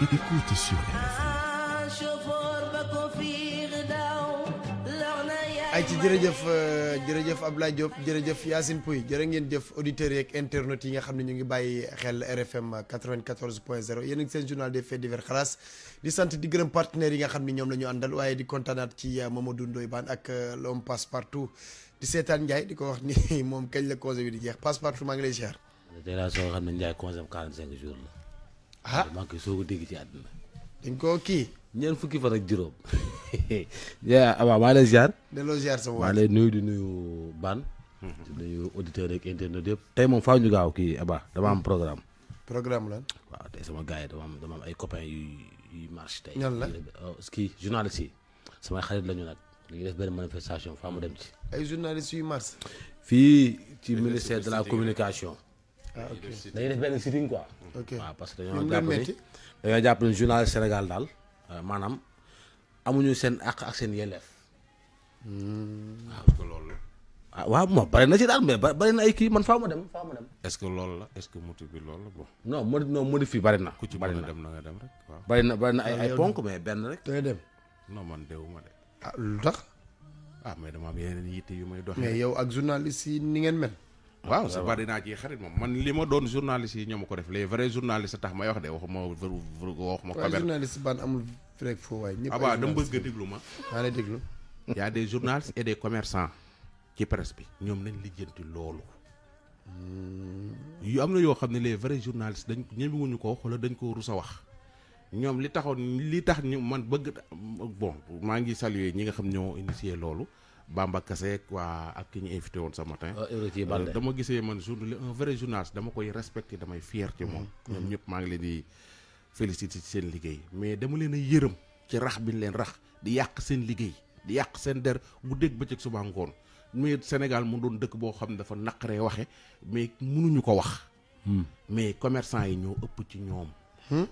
Écoute sur ay ci jërëjëf euh, jërëjëf Abdoulaye Diop jërëjëf Yacine Pouy jërë ngeen jëf auditeurs yeeg internet yi nga xam ne ñu ngi bàyyi xel RFM 94.0 point 0 yéen ngi seen journal des faits divers xalaas di sant di gërëm partenaires yi nga xam ne ñoom la ñu àndal waaye di kontaanaat ci euh, Mamadou Ndoye Bane ak euh, l'homme passe partout di seetaan Ndiaye di ko wax ni moom kañ la congé bi di jeex passe partout maa ngi lay ziar. la nga xam ne Ndiaye congé 45 jours la. ah maa ngi koy dégg ci àdduna. dañ koo kii. ñeent fukki fan ak juróom. waaw maa lay ziar. delloo ziar sama maa lay nuyu di nuyu Ban. di nuyu auditeurs rek internet yëpp. tey moom faaw ñu gaaw kii Aba dama am programme. programme la waaw tey sama gars yi am dama am ay copains yuy yu marche tey. ñan la oh, kii journaliste yi. samay xarit la ñu nag. dañuy def benn manifestation faa mu dem ci. ay journalistes yu marche. fii ci ministère de la communication. ah ok def benn sitting quoi. waaw parce que dañoo jàpp ni dañoo jàpp ni journaliste Sénégal daal euh, maanaam amuñu seen àq ak seen yelleef. Hmm. waaw est-ce que loolu la. ah waaw moom bari na ci daal mais bari na ay kii man faaw dem faaw dem. est-ce que loolu la est-ce que motif bi loolu bon. non modi non modif yi bari na. ku ci mën a dem na nga dem rek waaw. bari na bari na ay ah, ponk mais benn rek. day dem non man dewuma de. ah lu tax. ah mais dama am yeneen yitte yu may doxee. mais yow ak journaliste ni ngeen mel. waaw sa bari naa ci xarit moom man li ma doon journaliste yi ñoo ma ko def les vrais journalistes tax may wax de waxuma waxuma kaber journaliste ban amul rek foo waay ñëpp abaa ah dama bëgg nga déglu ma maa lay déglu y des journalistes et des commerçants ci presse bi ñoom lañ lijjanti loolu yu am na yoo xam ne les vrais journalistes dañ ñemewuñu ko wax wala dañ ko rus a wax ñoom li taxoon li tax ñu man bëgg bon maa ngi saluer ñi nga xam ñoo initié loolu Bamba Kassé waa ak ki ñu invité woon ce matin. Euh, euh, dama gisee man journal un vrai journaliste dama koy respecté damay fier ci moom. Mm-hmm. ñoom mm-hmm. ñëpp maa ngi leen di seen liggéey mais dama leen a yërëm ci rax bi ñu leen rax di yàq seen liggéey di yàq seen der guddeeg bëccëg suba ngoon mais Sénégal mu doon dëkk boo xam ne dafa naqaree waxe mais mënuñu ko wax. Mm. mais commerçant yi ñoo ëpp ci ñoom.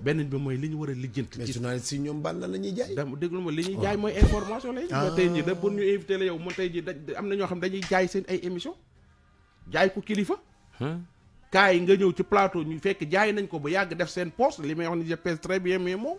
benn bi mooy li ñu war a lijjanti. mais journaliste yi ñoom bànn la ñuy jaay. dama déglu ma li ñuy jaay ah. mooy information lay. ah tey jii da pour ñu invité la yow man tey jii da am na ñoo xam dañuy jaay seen ay émission jaay ko kilifa. kaay nga ñëw ci plateau ñu fekk jaay nañ ko ba yàgg def seen poste li may wax ni je pèse bi bien mais moom.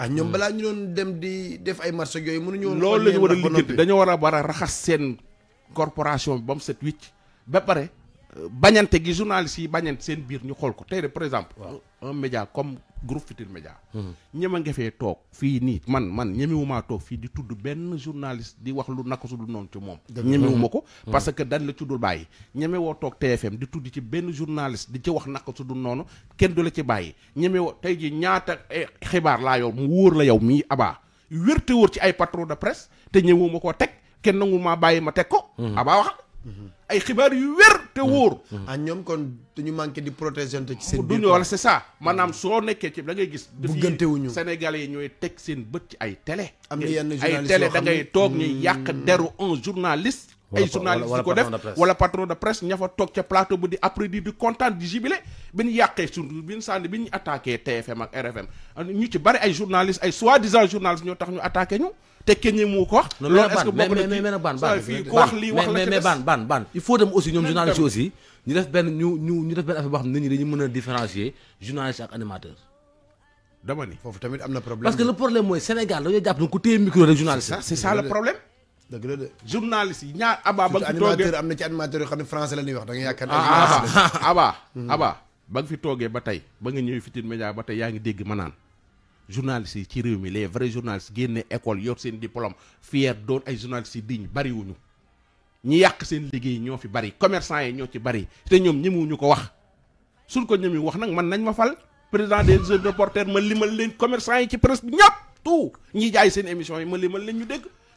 ah ñoom hmm. balaa ñu doon dem di def ay marché yooyu mënuñu woon loolu la ñu war a liggéey dañoo war a war a raxas seen corporation bi ba mu set wicc ba pare euh, bañante gi journaliste yi bañante seen biir ñu xool ko tey de par exemple un média comme groupe Futurs Médias hmm. ñema nga fee toog fii nii man man ñemewumaa toog fii di tudd benn journaliste di wax lu nakk su dul noonu ci moom ñemewuma ko hmm. Hmm. parce que dañ la ci dul bàyyi ñemewoo woo toog TFM di tudd ci benn journaliste di ci wax naka su dul noonu kenn du la ci bàyyi ñeme woo tey ji ñaata eh, xibaar laa yow mu wóor la yow mii abaa wérte wóor ci ay patron de presse te ñëwuma koo teg kenn nangu maa bàyyi ma teg ko abaa waxal ay xibaar yu wér te mm. wóor. Mm. ah ñoom kon dañu manqué di protéger ci seen biir. du ñu wala c'est ça mm. maanaam soo nekkee ci da ngay gis. buggante sénégal yi ñooy teg seen bët ci ay télé. am na yenn journaliste ay télé da toog ñuy yàq deru un journaliste. ay journaliste ko def wala patron de presse ña fa toog ca plateau bu di après di di kontaan di jibile bi ñu yàqee surtout bi ñu sànni bi ñu attaqué TFM ak RFM ñu ñoo tax ñu attaqué ñu te kenn mu ko wax. loolu est-ce que bokk na ci mais a différencier journaliste parce que le problème mooy Sénégal dañoo jàpp ne ku téye micro rek journaliste. c'est ça le problème. dëgg la de yi ñaar abaa ba nga fi toogee am na ci animateur yoo xam ne français la ah, ah, ah, mhm. ba nga fi toogee ba tey ba nga ñëw Futurs Médias ba tey yaa ngi dégg ma naan journalistes yi ci réew mi les vrais journalistes génne école yor seen diplôme fier doon ay journalistes yi diñ bariwuñu ñi yàq seen liggéey ñoo fi bari commercant yi ñoo ci bari te ñoom ñemewuñu ko wax suñ ko ñëmi wax nag man nañ ma fal président des jeunes reporters ma limal leen commercant yi ci presse bi ñëpp tout ñi jaay seen émission yi ma limal ma ñu dégg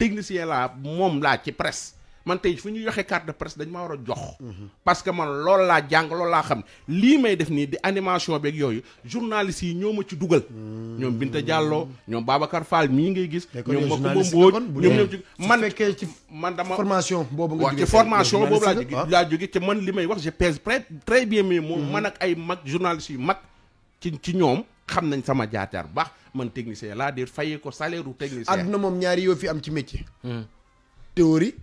technicien laa moom laa ci presse man tey fu ñu joxe carte de presse dañ ma war a jox parce que man lool laa jàng loolu laa xam lii may def nii di animation beeg yooyu journalistes yi ñoo ma ci dugal ñoom Binta Diallo ñoom Babacar Fall mii ngay gis ñoom Makumba Mbóoj ñoom ñoom ci man ci man dama formation boobu nga ci formation boobu laa laa ah. jóge ci man li may wax je pèse très bien mais moom mhm. man ak ay mag journalistes yu mag ci ci ñoom xam nañ sama jaataar baax man technicien laa di fayee ko salaire u technicien. àdduna moom ñaari yoo fi am ci métier. Hmm. théorie.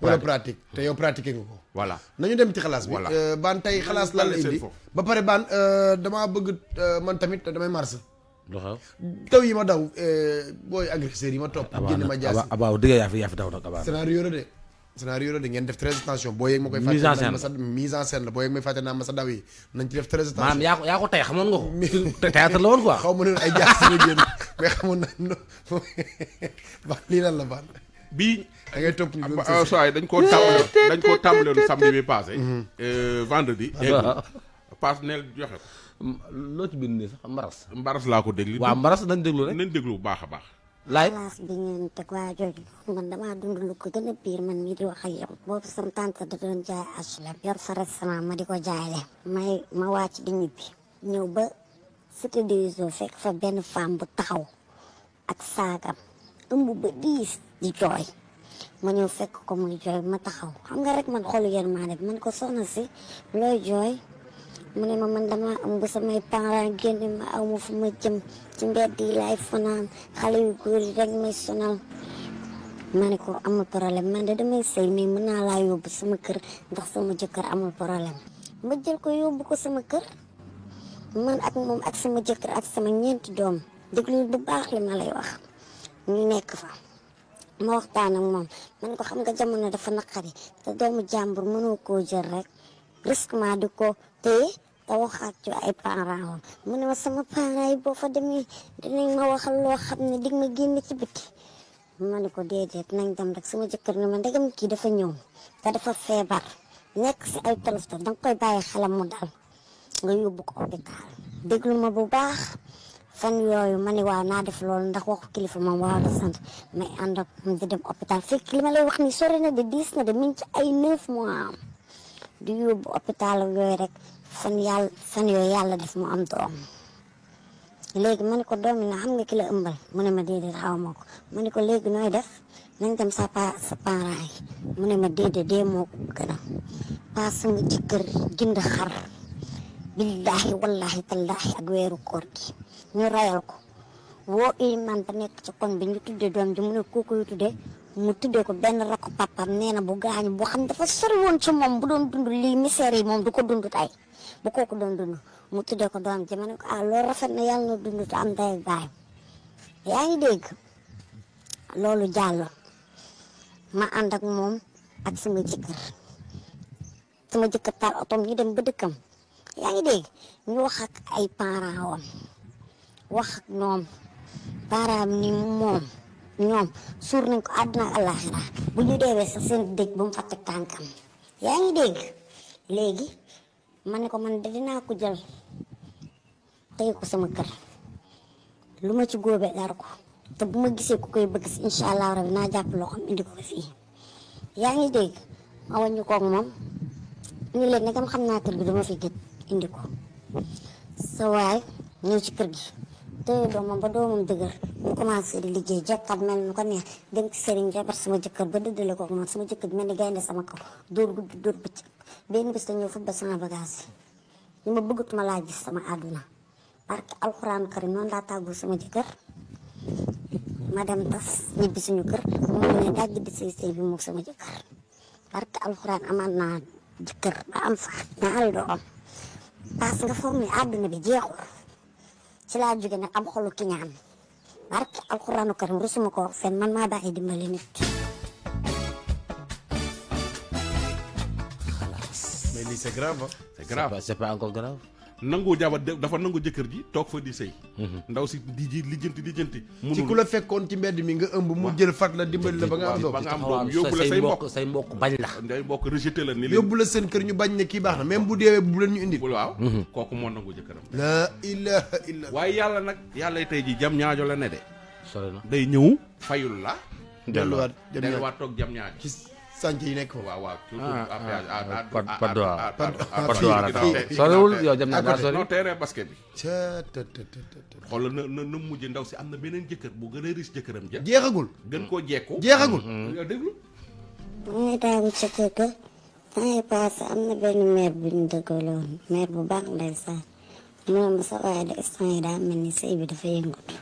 wala pratique te yow pratiqué nga ko. voilà nañu dem ci xalaas bi. voilà euh, tey xalaas lan la indi ba pare baan euh, damaa bëgg euh, man tamit damay mars. waaw taw yi ma daw booy agresseur yi ma topp. ma jaasi abaa abaa dëgg yaa fi yaa fi daw nag abaa. scénario la de. scénario la ngeen def très attention boo yeeg ma koy fàtte naa ma sa mise en scène la boo yeeg may daw yi nañ ci def très attention maanaam yaa ko tey xamoon nga ko théâtre la woon quoi ne lii lan la baax bii da ngay topp ah, soay dañ koo tàmbale dañ koo tàmbaleelu samedi bi passé mhm. euh, vendredi ah. passe neel joxe ko loo ci bind nii sax mbaras mbaras laa ko déglu waaw mbaras nañ déglu rek nañ déglu bu baax a baax laay place bi ngeen teg waa jooju man damaa dund lu ko gën a biir man mii di wax ak yow boobu sama tante da doon jaay HLM sa restaurant ma di ko jaayale may ma wàcc di ñibbi ñëw ba cité des eaux fekk fa benn femme bu taxaw ak saagam ëmb ba diis di jooy ma ñëw fekk ko muy jooy ma taxaw xam nga rek man xolu yéen maa ne man ko soxna si looy jooy mu ne ma man dama am ba samay parents génne ma aw ma fu ma jëm ci mbedd yi laay fanaan xale yu góor yi rek may sonal ma ne ko amul problème man de damay sëy mais mën naa laa yóbbu sama kër ndax sama jëkkër amul problème ma jël ko yóbbu ko sama kër man ak moom ak sama jëkkër ak sama ñeenti doom déglu bu baax li ma lay wax ñu nekk fa ma waxtaan ak moom man ko xam nga jamono dafa naqari te doomu jàmbur mënoo koo jël rek risque ma di ko téye te waxaat ci ay parents am mu ne ma sama parents yi boo fa demee dinañ ma waxal loo xam ne dig ma génn ci biti ma ne ko déedéet nañ dem rek sama jëkkër ne ma ndegam kii dafa ñëw te dafa feebar nekk si ay tolof-tolof danga koy bàyyi xelam mu dal nga yóbbu ko hôpital ma bu baax fan yooyu ma ne waaw naa def loolu ndax waxu kilifa moom waaw la sant may ànd ak di dem hôpital ma lay wax ni sori na de diis na de min ci ay neuf mois am di yóbbu hôpital yooyu rek fan yàlla fan yooyu yàlla def mu am doom léegi mane ko doom yi na xam nga ki la mu ne ma déedéet xaw ma ko ma ko léegi nooy def nañ dem sa pa mu ne ma déedéet dee moo gën a paas nga ci kër jënd xar billaahi wallaahi tallaahi ak weeru koor gi ñu rayal ko woo iliman ba nekk ci koñ doom ji mu ne kooku yu mu tuddee ko ben rak papam nee na bu gañu boo xam dafa sori woon ci mom bu doon dund li misère yi mom du ko dund tay bu ko doon dund mu tuddee ko doom ci ma ko ah lo rafet na yalla na dund ci am day bay yaay deg lolu jallo ma and ak mom ak sama jikkar sama jikkar taal otom ñu dem ba dekkam yaay deg ñu wax ak ay parents wax ak nom param ni mom ñoom suur nañ ko àdduna ak àllaaxira bu ñu deewee sax seen dëj bu mu fa teg tànkam yaa ngi dégg léegi ma ko man de dinaa ko jël tey ko sama lu ma ci góobee dar ko te bu ma gisee ku koy bëgg si allah rabi naa jàpp loo xam indi ko fii yaa ngi dégg ma wàññi koog moom ñu leen nagam xam naa kër gi dama fi gëj indi ko sa waay ñëw ci kër gi. te doomam ba doomam dëgër mu commencé di liggéey jokkaat mel nu ko neex ya? dem ci sëriñ jabar sama jëkkër ba dëddale ko man sama jëkkër mel ni gaynde sama kaw dóor guddi dóor bëccëg benn bis dañoo fubba sama bagage yi ma bëggatuma laa gis sama aduna parce que alxuraan karim noonu laa tàggoo sama jëkkër ma dem tas ñibbi suñu kër mu ne dàgg di sëy sëy bi moog sama jëkkër parce que alxuraan amaat naa ba am sax nah, ñaari doom parce que foog ni àdduna bi jeexul ci laa jóge nag am xolu ki ñaan barke alxuraanu karim rusuma ko wax fenn man maa baaxee dimbali nit. xalaas. mais lii c'est grave ah. c'est grave c'est pas encore grave. nangoo jabar dafa nangu jëkkër ji toog fa di sëy mhm. ndaw si di ji lijjanti lijjanti ci ku la fekkoon ci mbedd mi nga ëmb mu jël fat la dimbali la ba nga am doom ba nga am doom yóbbu la say mbokk say mbokk bañ la day mbokk rejeté la ni yóbbu la seen kër ñu bañ ne kii baax na même bu deewee bu leen ñu indi waaw mhm. kooku moo nangu jëkkëram la ilaha illa waaye yàlla nag yàlla tey jam ñaajo la ne de day ñëw fayul la delluwaat delluwaat toog jam ñaajo sànq yi nekk foofu. waaw waaw surtout à péage à à Patte d'Oie Patte d'Oie soriwul yow dem na ngaa sori. non terrain basket te te te te. mujj ndaw si am na beneen jëkkër bu gën a riche jëkkëram ja. jeexagul gën nga mm-hmm. déglu. bu may daagu ca kër sa waaye de instant yi daa mel ni sëy bi dafa yëngatu.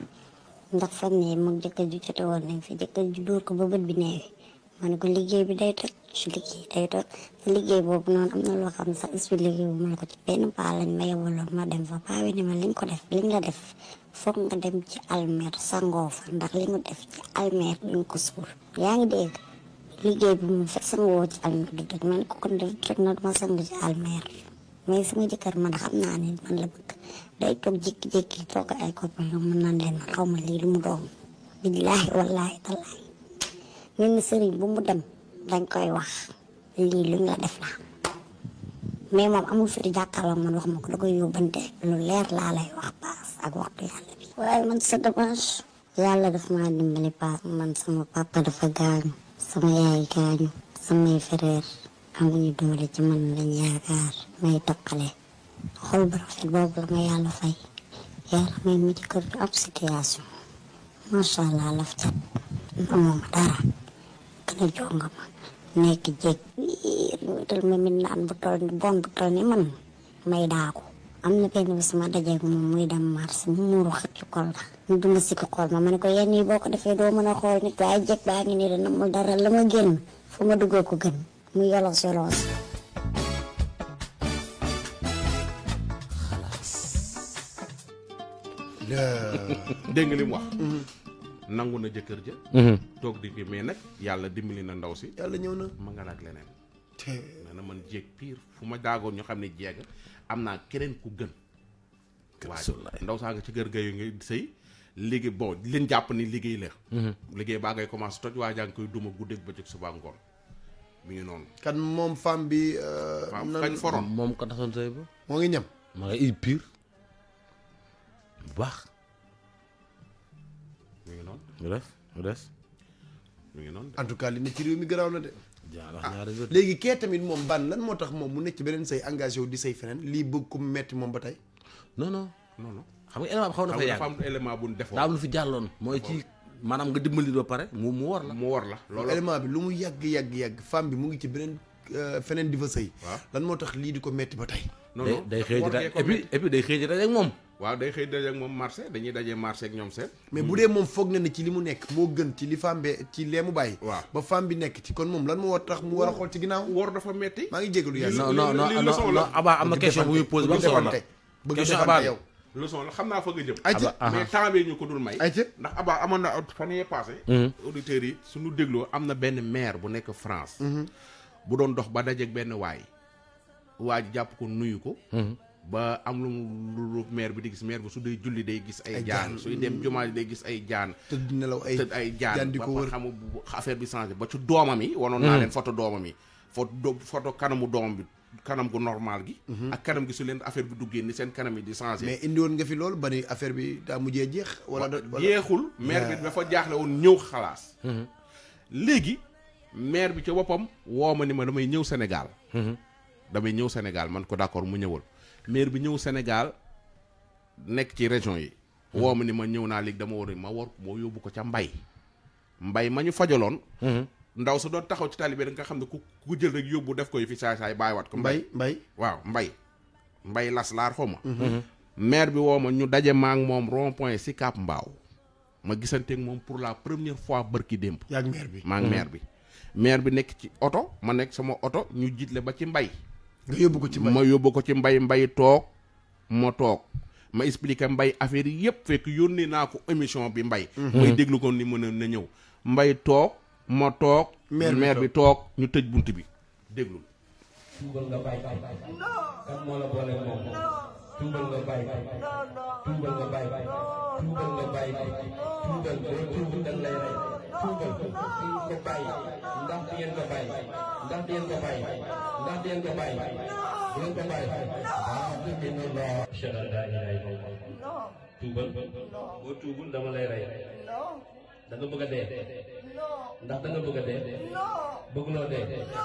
ndax fan yii moom jëkkër ju jote nañ fi jëkkër ju dóor ko ba bët bi neewee. ma ne ko liggéey bi day toj su liggéey day toj te liggéey boobu noonu am na loo xam sax expliqué wu ma ko ci benn paa lañ ma yebaloon ma dem fa paa wi ne ma liñ ko def liñ la def foog nga dem ci almeer sangoo fa ndax li nga def ci almeer duñ ko suur yaa ngi dégg liggéey bi moom fekk sangoo ci almeer du toj man ko kon dafa toj na duma sangu ci almeer mais sama jëkkër man xam naa ne man la bëgg day toog jékki-jékki toog ay copain mën naan leen man xaw ma lii lu mu doon billaahi wallaahi tallaahi mel ni sëriñ bu mu dem dañ koy wax lii luñ la def la mais moom amul fi di jàkkaarloo man wax ma ko da koy yóbbante lu leer laa lay wax paas ak waxtu yàlla bi waaye man sa dommage yàlla daf maa dimbali paas man sama papa dafa gaañu sama yaay gaañu samay frère amuñu doole ci man lañ yaakaar may toqale xol bu rafet boobu la ma yàlla fay yàlla may mu ci kër am situation macha allah laf cat amoo ma dara kana jonga ma nekk jéeg tal ma min naan bon betul nih, ni man may daako am na benn bis ma dajeeg moom muy dem marché mu muuru xat lu kol la mu duma sikki xool ma ma ne ko yenn yi boo ko defee doo mën a xool jek waaye jéeg baa ngi nii de namul dara la ma génn fu ma duggoo ko mu yolos yolos dégg nga li nangu na jëkkër ja mhm. toog di fi mais nag yàlla dimbali na ndaw si yàlla ñëw na ma nga naak leneen nee na man jéeg pire fu ma daagoon ñu xam ne jeega am naa keneen ku gën waaw ndaw saa nga ci kër gayu nga sëy léegi bon leen jàpp ni liggéey la mhm. liggéey baa ngay commencé toj waa jaa ngi koy duma guddeeg bëccëg suba ngoon mi ngi noonu kan moom fam bi kañ euh, foron moom ko taxon sëy ba moo ngi ñam ma nga pire bu baax lu des lu ngi noonu en tout cas li ne ci réew mi garaaw na de. Ah, léegi kee tamit moom ban lan moo tax moom mu nekk ci beneen say engagé wu di say feneen lii bëgg ko mu metti moom ba tey. noonu non xam nga élément xaw na fa yàgg bu defoon daa am lu fi jàlloon mooy ci. maanaam nga dimbali ba pare mu mu war la. mu war la loolu élément bi lu mu yàgg yàgg yàgg femme bi mu ngi ci beneen euh, feneen di fa sëy. lan moo tax lii di ko metti ba tey. day xëy ji daal day xëy ji ak moom. waaw day xëy daje ak moom marché dañuy daje marché ak ñoom seen. mais bu dee moom foog na ne ci li mu nekk moo gën ci li femme bi ci lee mu bàyyi. waaw ba femme bi nekk ci kon moom lan moo war tax mu war a xool ci ginnaaw. wor dafa metti maa ngi jégalu yàlla. non non non non Abba am na question bu muy xam naa fa nga jëm. ayca mais temps bi ñu ko dul may. ayca ndax Abba amoon na fan yee passé. Mhm. auditeurs yi suñu dégloo am na benn maire bu nekk France. Mhm. bu doon dox ba dajeeg benn waay. waa jàpp ko nuyu ko mhm. ba am lu lu maire bi di gis mer bu su day julli day gis ay jaan su dem jumaa day gis ay jaan dina law ay ay jaan di ko wër xam affaire bi changer ba ci doomam yi wanoon naa hmm. photo doomam yi photo photo kanamu dom bi kanam gu normal gi mhm. ak kanam gi su len affaire bi duggee ni sen kanam yi di changer mais indi won nga fi lol ba affaire bi da mujjé jeex wala jeexul mer bi dafa jaxlé won ñew xalaas hmm. légui mer bi ci boppam woo ma ni ma damay ñew Sénégal hmm. damay ñew Sénégal man ko d'accord mu ñewul maire bi ñëw Sénégal nekk ci région yi. woo ma ni ma ñëw naa léegi dama war ma war moo yóbbu ko ca mbay. mbay ma ñu fajaloon. ndaw su doon taxaw ci talibé da nga xam ne ku ku jël rek yóbbu def ko yi fi saay saay bàyyiwaat ko. mbay mbay waaw mbay. mbay laslaar xaw ma. Mhm. Mhm. maire bi woo ma ñu daje ma moom rond si Cap Mbaaw. ma gisanteeg moom pour la première fois barki démb. yaa ngi bi maa ngi mhm. bi. maire bi nekk ci oto ma nekk sama oto ñu jiitle ba ci mbay. Mwa yo bokoti mbay, mbay tok, mwa tok Mwa isplika mbay aferi yep feki yon li na kon emisyon api mbay mhm. Mbay tok, mwa tok, limer bi tok, nou tej bun tebi Deglo kebaik, hendak pian kebaik, hendak pian kebaik, hendak pian kebaik, pian kebaik. Tapi minullah. Syarada ilai. No. Tubal. No. Oh tubul dama lerai. No. Dengan bukade. No. bukade. No. No.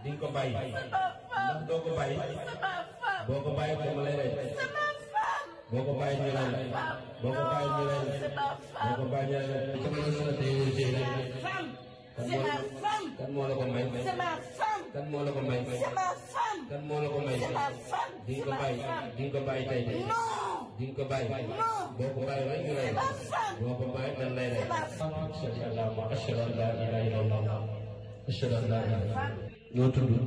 di nga ko bàyyi ndax doo ko bàyyi boo ko bàyyi dama lay rey boo ko bàyyi ñu rey la boo ko bàyyi ñu rey la boo ko bàyyi ñu rey la te mën na tey wóor tey kan moo la ko may kan moo la ko may kan moo la ko may di nga ko bàyyi di nga ko bàyyi tey tey di nga ko bàyyi boo ko bàyyi rey ñu rey la boo ko bàyyi dañ lay rey. ashhadu an la ilaha illallah ashhadu an la ilaha illallah dis-moi ton nom.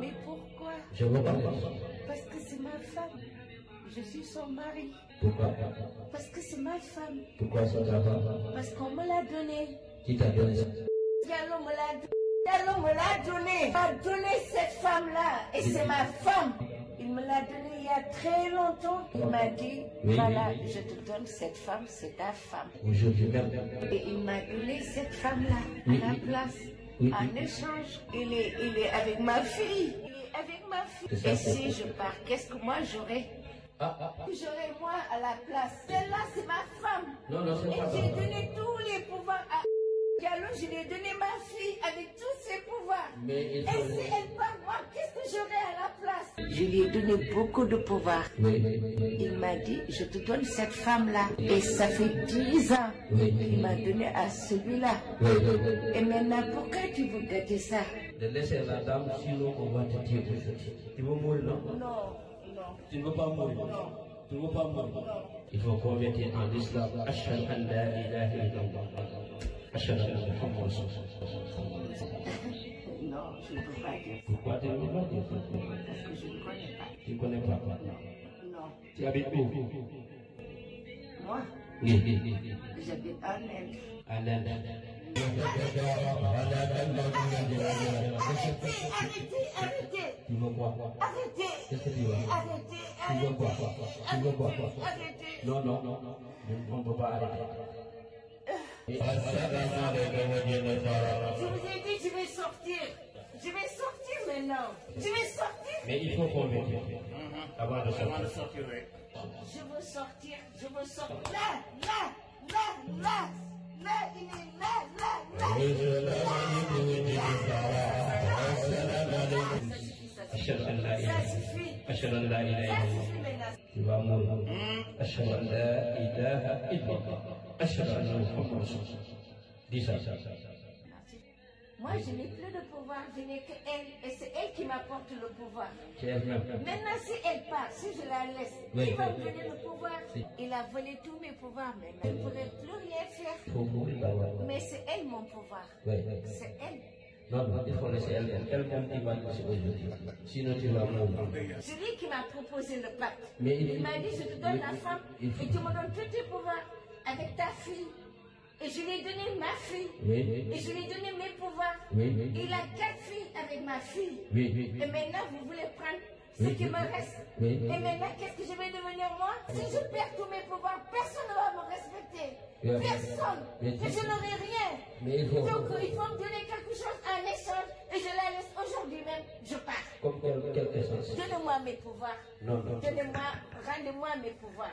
mais pourquoi. je veux parce que c'est ma femme. je suis son mari. pourquoi. parce que c'est ma femme. pourquoi c'est ta parce qu'on me l'a donné. qui t'a donné ça. Diallo me l'a donné. me l'a donné. m'a donné cette femme là et c'est ma femme. Il me l'a donné il y a très longtemps. Il m'a dit, voilà, je te donne cette femme, c'est ta femme. Et il m'a donné cette femme-là, à la place. En échange, il est, il est avec ma fille. avec ma fille. Et si je pars, qu'est-ce que moi j'aurai ah, ah, ah. J'aurai moi à la place. Celle-là, c'est ma femme. Et j'ai donné tous les pouvoirs à je lui ai donné ma fille avec tous ses pouvoirs. Et si elle part, moi, qu'est-ce que j'aurai à la place Je lui ai donné beaucoup de pouvoirs Il m'a dit, je te donne cette femme-là. Et ça fait 10 ans qu'il m'a donné à celui-là. Et maintenant, pourquoi tu veux gâter ça De laisser Tu veux mourir, non Non, Tu ne veux pas mourir Tu ne veux pas mourir Il faut convertir en islam. Ashhadu an la ilaha non, je ne peux pas Pourquoi tu ne pas je connais pas. Tu ne connais pas Non. Tu habites où Moi J'habite Arrêtez, Arrêtez, arrêtez. Non, non, pas je vous ai dit, je vais sortir. Je vais sortir maintenant. Je vais sortir. Mais il faut qu'on me dit. Mhm. Avant de sortir. Je veux sortir. Je veux sortir. Là, là, là, là. Là, il est là, là, là. Ça suffit. Moi, je n'ai plus de pouvoir, je n'ai que et c'est elle qui m'apporte le pouvoir. Maintenant, si elle part, si je la laisse, qui va me donner le pouvoir. Il a volé tous mes pouvoirs, mais je ne pourrait plus rien faire. Mais c'est elle mon pouvoir. C'est elle. C'est lui qui m'a proposé le pacte. il, m'a dit, je te donne la femme et tu me donnes tous tes pouvoirs avec ta fille. Et je lui ai donné ma fille. Et je lui ai donné mes pouvoirs. il a quatre filles avec ma fille. Oui. Et maintenant, vous voulez prendre ce qui me reste. Et maintenant, qu'est-ce que je vais devenir moi Si je perds tous mes pouvoirs, personne ne va me respecter. Personne. Et je n'aurai rien. Donc, il faut me donner quelque chose en échange et je la laisse aujourd'hui même. Je pars. donnez moi mes pouvoirs. moi rendez-moi mes pouvoirs.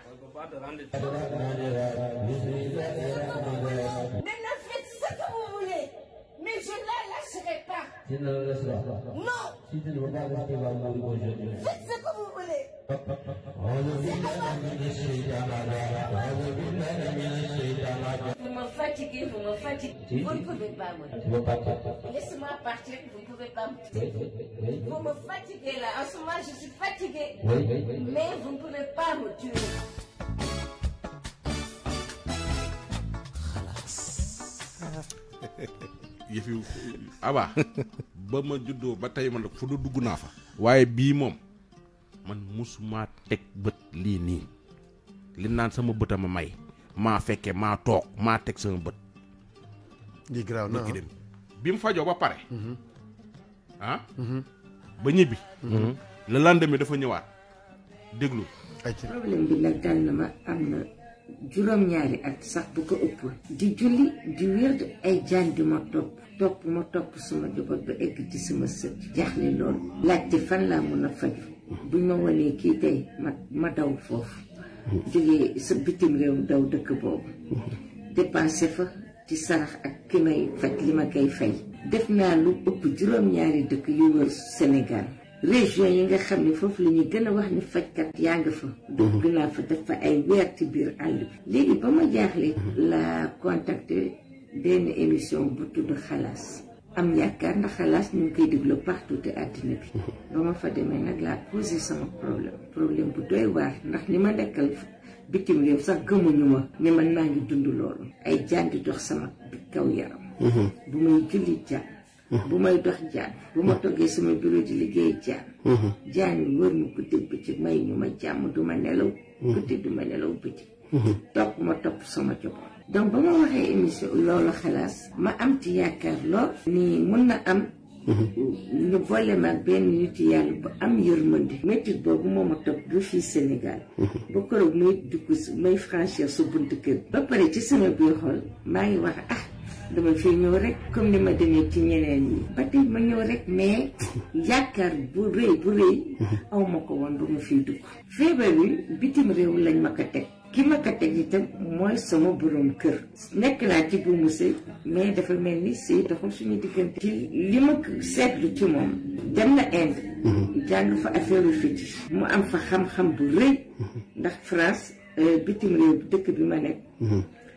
Maintenant, faites ce que vous voulez. Mais je ne la lâcherai pas. Non vous me fatiguez, vous me fatiguez. Vous ne pouvez pas me tuer Laissez-moi partir, vous ne pouvez pas me tuer Vous me fatiguez là. En ce moment, je suis fatiguée. Mais vous ne pouvez pas me tuer. yëf aba ba ma juddoo ba tey man fu du dugg naa fa waaye bii moom man musuma teg bët lii nii li naan sama bët ma may maa fekke maa toog maa teg sama bët li graw na ah. bi mu fajoo ba pare mhm. ah mhm. ba ñibbi mhm. le lendemain dafa ñëwaat déglu problème bi nag dal na ma am na juróom-ñaari at sax bu ko ëpp di julli di wérdu ay jaan di ma topp topp ma topp suma njaboot ba egg ci suma sët jaaxle lool laajte fan laa mun a faj buñ ma wanee kii tey ma daw foofu jógee sa bitim réew daw dëkk boobu dépensé fa ci sarax ak ki may faj li ma koy fay def naa lu ëpp juróom-ñaari dëkk yu wër Sénégal région yi nga xam ne foofu la ñuy gën a wax ni fajkat yaa nga fa mhm. dugg naa fa def ay weer ci biir àll bi léegi ba ma jaaxle mhm. la contacté benn émission bu tudd xalaas am yaakaar na xalaas ñu ngi koy déglu partout te àddina bi mhm. ba ma fa demee nag laa posé sama problème bu doy waar ndax ni ma nekkal bitim réew sax gëmuñu ma ni man naa ngi dund loolu ay jaan di dox sama kaw yaram bu may julli jàpp bumay may dox jaan buma toge sama bureau di ligey jaan jaan yi wër ma guddi may ñu ma jàmm du ma nelaw guddi du ma nelaw bëccëg topp ma top sama jop donc ba ma waxee émission loolu ma am ti yakar lo ni mun na am ñu volé ma ben nit yàlla bu am yermande metti bobu moma top du fi senegal mhm. bu ko rek may dugg may franchir sa buntu keur ba pare ci sama biir xol ma ngi wax ah. dama fii ñëw rek comme ni ma demee ci ñeneen yi ba tey ma ñëw rek mais yaakaar bu rëy bu rëy aw ma ko woon ba ma fiy dugg feebar bi bitim réew lañ ma ko teg ki ma ko teg itam mooy sama borom kër nekk naa ci buumu sëy mais dafa mel ni sëy doxul suñu diggante ci li ma seetlu ci moom dem na Inde jàng fa fi fétiche mu am fa xam-xam bu rëy ndax France euh, bitim réew dëkk bi ma nekk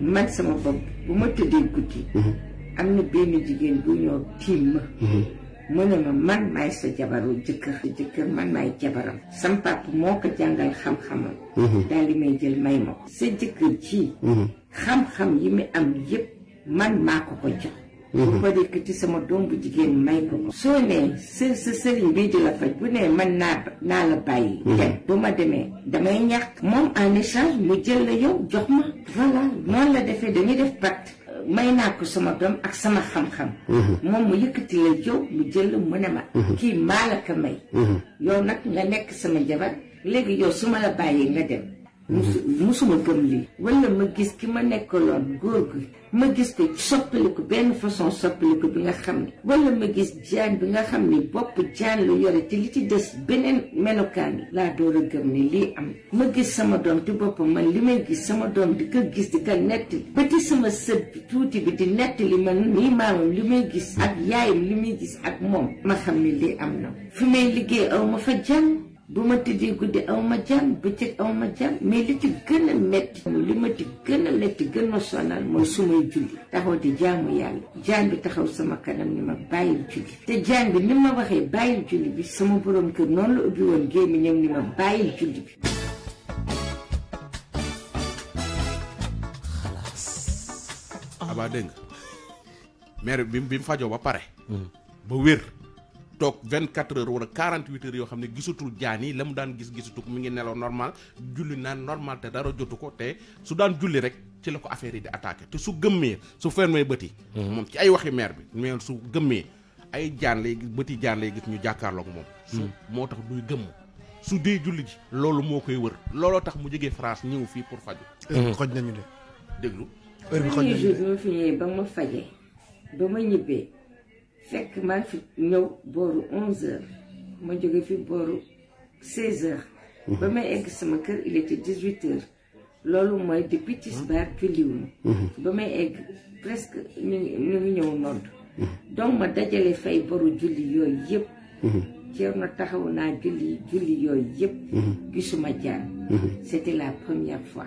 man sama bopp bu ma tëddee guddi mhm. am na benn jigéen bu ñëw tiim ma mhm. mu ne ma man maay sa jabaru jëkkër sa jëkkër man maay jabaram sam papa moo ko jàngal xam-xamam mhm. daal di may jël may ma ko sa jëkkër ji xam-xam yi mu am yépp man maa ko ko jox bu ko ci sama doom bu jigéen may ko soo nee sa sa sëriñ bii di faj bu nee man naa naa la bàyyi mhm. dem bu ma demee damay ñàkk moom en échange mu jël la yow jox ma voilà noonu la defee dañu def pacte may naa ko sama doom ak sama xam-xam mhm. moom mu yëkkati la jow mu jël la mu ne ma mhm. kii maa may yow nag nga nekk sama jabar léegi yow su ma la bàyyi nga dem musuma gëm lii wala ma gis ki ma nekkaloon góor gi ma gis ko soppaliku benn façon soppaliku bi nga xam ne wala ma gis jaan bi nga xam ne bopp jaan lu yore te li ci des beneen melokaan laa door a gëm ne lii am ma gis sama doom te boppam man li may gis sama doom di ko gis di ko nettali ba ci sama sët bi tuuti bi di nettali ma nii maamam li may gis ak yaayam li muy gis ak moom ma xam ne lii am na fi may liggéey aw ma fa jàng bu ma tëddee guddi aw ma jàmm bëccëg aw ma jàmm mais li ci gën a metti li ma ci gën a metti gën ma sonal mooy su may julli taxaw di jaamu yàlla jaam bi taxaw sama kanam ni ma bàyyil julli te jaam bi ni ma waxee bàyyil julli bi sama borom kër noonu la ubbi woon gémmi ni ma bàyyil julli bi xalaas abaa dégg nga bi mu fajoo ba pare ba wér toog 24 heures wala 48 heures yoo xam ne gisatul jaan yi la mu daan gis gisatu ko ngi nelaw normal julli naan normal te dara jotu ko te su daan julli rek ci la ko affaire yi di attaqué te su gëmmee su fermé bët yi. Mhm. moom ci ay waxi maire bi mais su gëmmee ay jaan lay gis bëti jaan lay gis ñu jàkkaarloog moom. Mhm. moo tax duy gëmm. su dee julli ji. loolu moo koy wër looloo tax mu jógee France ñëw fii pour faju mhm. xoj nañu de déglu. heure bi xoj nañu de ba ma fajee ba ma ñibbee fekk maa fi ñëw booru 11h ma jóge fi booru 16h. Mhm. ba may egg sama kër il était 18h. loolu mooy depuis tisbaar julliwuma mhm. ba may egg presque ñu ngi ñu ngi ñëw mhm. donc ma dajale fay boru julli yooyu yëpp. ceer na taxaw naa julli julli yooyu yëpp. gisuma jaan. c'était la première fois.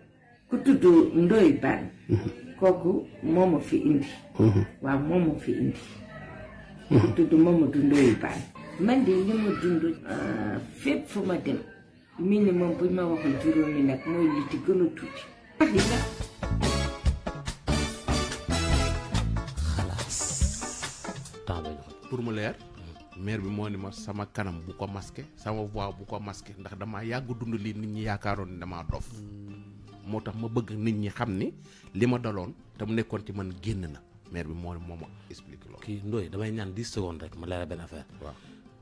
kutudo ndoy ban koku momo fi indi mhm. wa momo fi indi mhm. kutudo Mamadou Ndoye Bane man de li ma dund ah, fépp fu ma dem minimum buñ ma waxoon juróomi nag mooy li ci gën tuti pour mo leer mère bi mo ni ma sama kanam bu ko masqué sama voix bu ko masqué ndax dama yàgg dund lii nit ñi dama dof mm. motax ma bëgg nit ñi xam ni li daloon te mu nekkoon ci man génn na maire bi moo moo ma explique loolu. kii Ndoye damay ñaan 10 secondes rek ma leeral benn affaire. waaw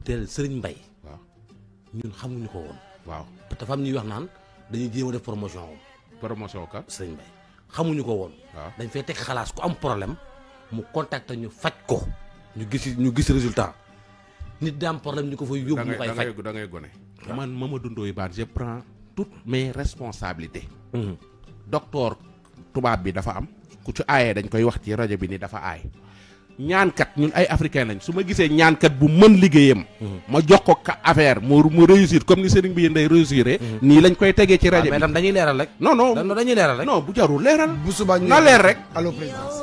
teel Serigne mbay waaw ñun xamuñu ko woon. waaw dafa am ñuy wax naan dañuy jéem a def promotion am. promotion ka Serigne mbay xamuñu ko woon. waaw dañ fay teg xalaas ku am problème mu contacter ñu faj ko. ñu gis ñu gis résultat. nit daa am problème ñu ko fa yóbbu. ñu koy faj da ngay da gone. man Mamadou Ndoye Bane je prends toutes mes responsabilités. Mm-hmm. docteur tubaab bi dafa am ku ci aayee dañ koy wax ci rajo bi ni dafa aay ñaankat ñun ay africain lañ su ma gisee ñaankat bu mën liggéeyam mm-hmm. ma jox ko ka affaire mu mu réussir comme ni sëriñ bi yéen day réussir mm-hmm. nii lañ koy tegee ci rajo ah, bi mais dañuy leeral rek non dañuy leeral rek bu jarul leeral bu subaa na leer rek allo